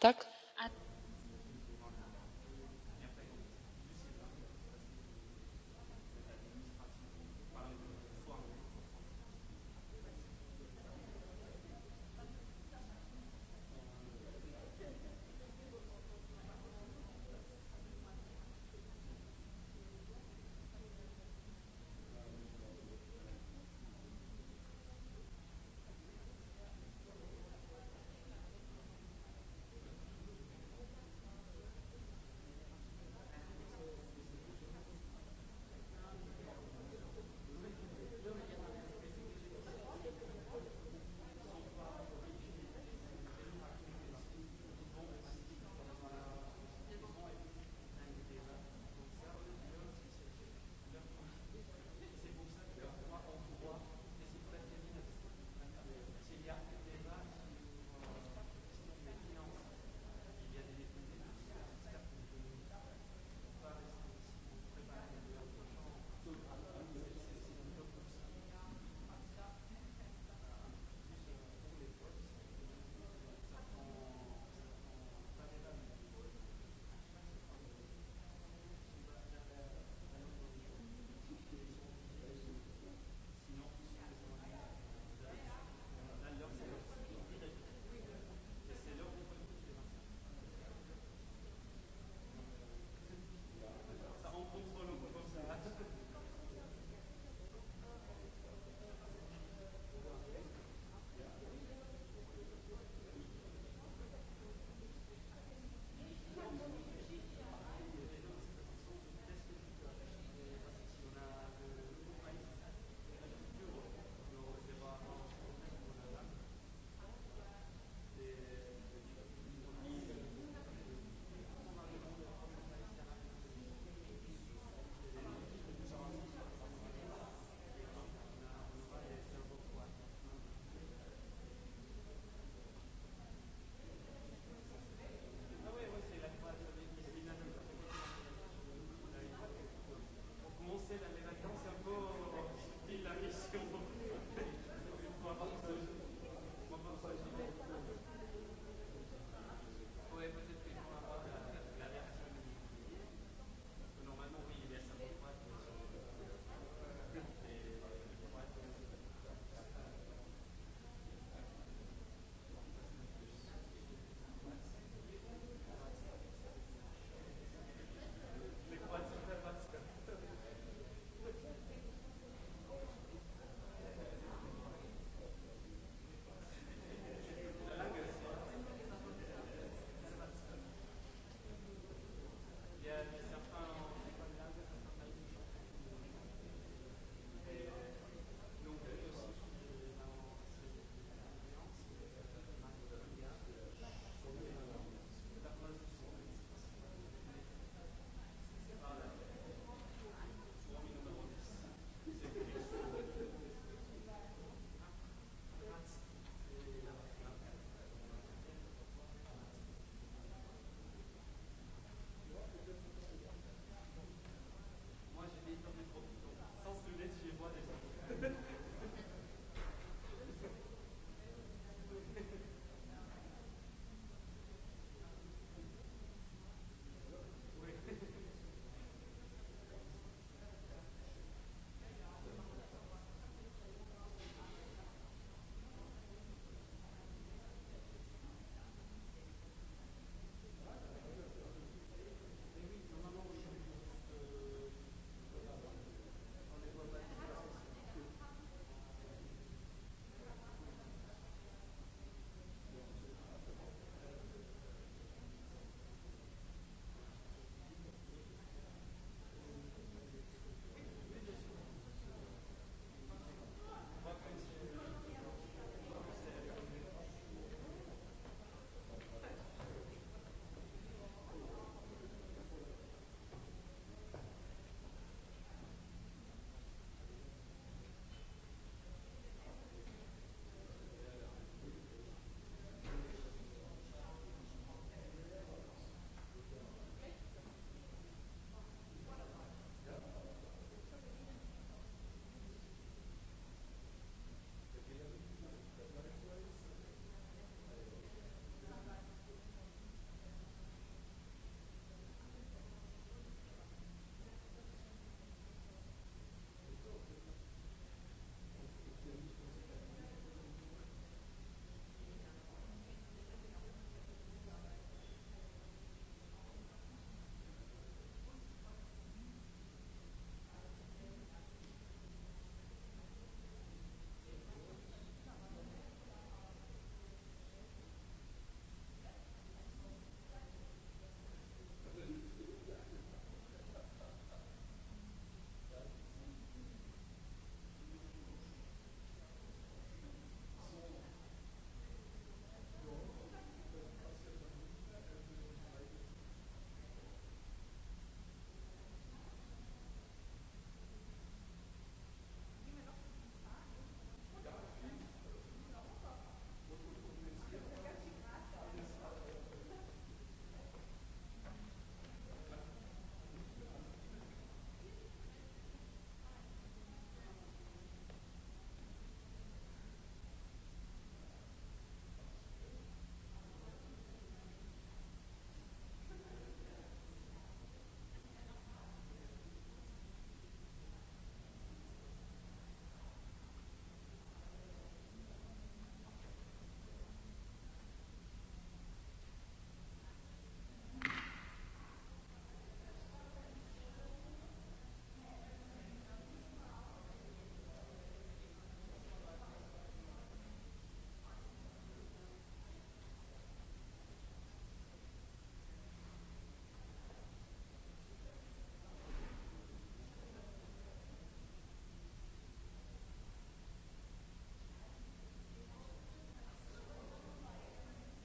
tak?